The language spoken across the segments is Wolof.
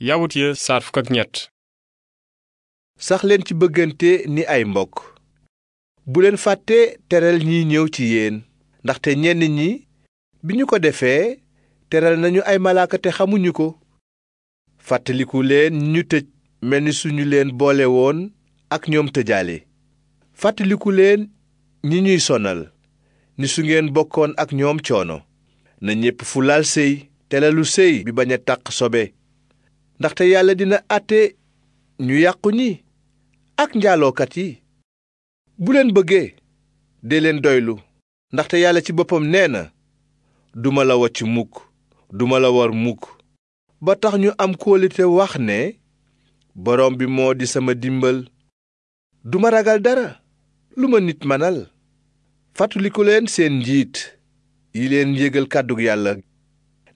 yawut ya saar fukk ak sax leen ci bëggante ni ay mbokk bu leen fàtte teral ñiy ñëw ci yéen ndaxte ñenn ñi bi ñu ko defee teral nañu ay malaaka te xamuñu ko fàttaliku leen ñu tëj mel ni suñu leen boole woon ak ñoom tëjaale fàttaliku leen ñi ñuy sonal ni su ngeen bokkoon ak ñoom coono na ñépp fu laal séy teralu séy bi bañ a taq sobe ndaxte yàlla dina àtte ñu yàqu ñi ak njaalookat yi bu leen bëggee dee leen doylu ndaxte yàlla ci boppam nee na duma la wacc mukk duma la war mukk ba tax ñu am kóolite wax ne borom bi moo di sama dimbal duma ragal dara lu ma nit manal fàttaliku leen seen njiit yi leen yégal kàddug yàlla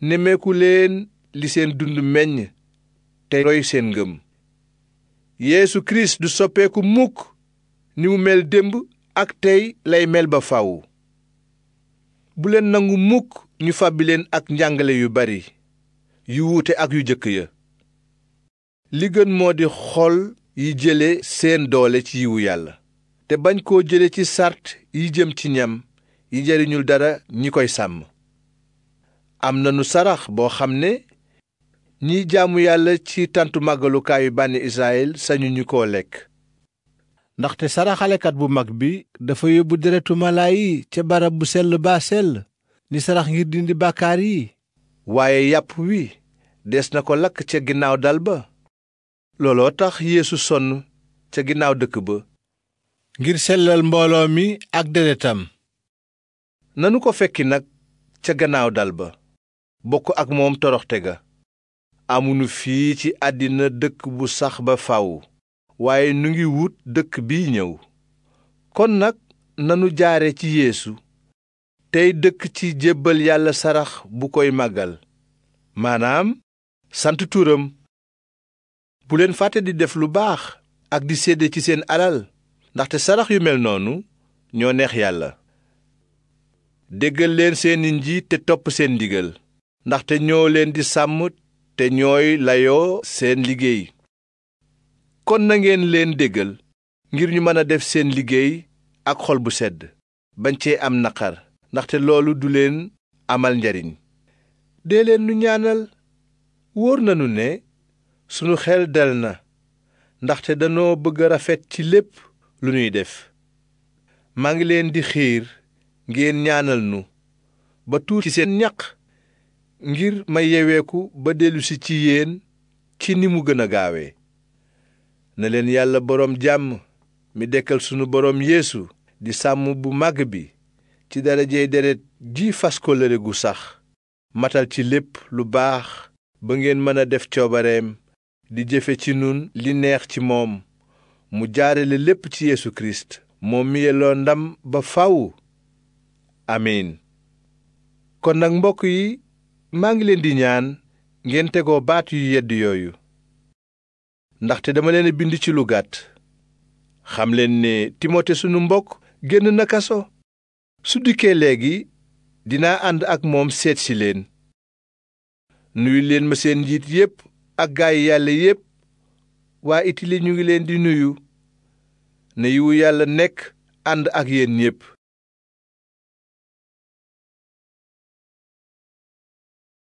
nemmeeku leen li seen dund meññ te roy seen ngëm yéesu Kirist du soppeeku mukk ni mu mel démb ak tey lay mel ba faw bu leen nangu mukk ñu fàbbi leen ak njàngale yu bari yu wuute ak yu jëkk ya li gën moo di xol yi jële seen doole ci yiwu yàlla te bañ koo jële ci sart yi jëm ci ñam yi jariñul dara ñi koy sàmm am nanu sarax boo xam ne ñiy jaamu yàlla ci tantu màggalukaayu bànni israyil sañuñu koo lekk ndaxte saraxalekat bu mag bi dafa yóbbu deretu mala yi ca barab bu sell baa sell ni sarax ngir dindi bàkkaar yi waaye yàpp wi des na ko lakk ca ginnaaw dal ba looloo tax yéesu sonn ca ginnaaw dëkk ba ngir sellal mbooloo mi ak deretam nanu ko fekki nag ca gannaaw dal ba bokk ak moom toroxte ga amunu fii ci àddina dëkk bu sax ba faw waaye nu ngi wut dëkk bi ñëw kon nag nanu jaare ci yéesu tey dëkk ci jébbal yàlla sarax bu koy màggal maanaam sant turam bu leen fàtte di def lu baax ak di sedd ci seen alal ndaxte sarax yu mel noonu ñoo neex yàlla déggal leen seeni njiit te topp seen ndigal ndaxte ñoo leen di sàmm te ñooy layoo seen liggéey kon nangeen leen déggal ngir ñu mën a def seen liggéey ak xol bu sedd bañ cee am naqar ndaxte loolu du leen amal njariñ dee nu ñaanal wóor nanu ne sunu xel del na ndaxte danoo bëgg rafet ci lépp lu ñuy def maa ngi leen di xiir ngeen ñaanal nu ba tuur ci seen ñaq ngir ma yeweeku ba dellusi ci yéen ci ni mu gëna a gaawee na leen yàlla boroom jàmm mi dekkal sunu boroom yeesu di sàmm bu màgg bi ci darajey deret ji fas kóllëre gu sax matal ci lépp lu baax ba ngeen mëna def coobareem di jëfe ci nun li neex ci moom mu jaarale lépp ci yeesu kirist moom mi yelloo ndam ba faw amiin kon nag mbokk yi maa ngi leen di ñaan ngeen tegoo baat yu yedd yooyu ndaxte dama leen a bind ci lu gàtt xam leen ne timote suñu mbokk génn na kaso su dikkee léegi dinaa ànd ak moom seet si leen nuyu leen ma seen njiit yépp ak gaay yàlla yépp waa itali ñu ngi leen di nuyu ne yiwu yàlla nekk ànd ak yéen ñépp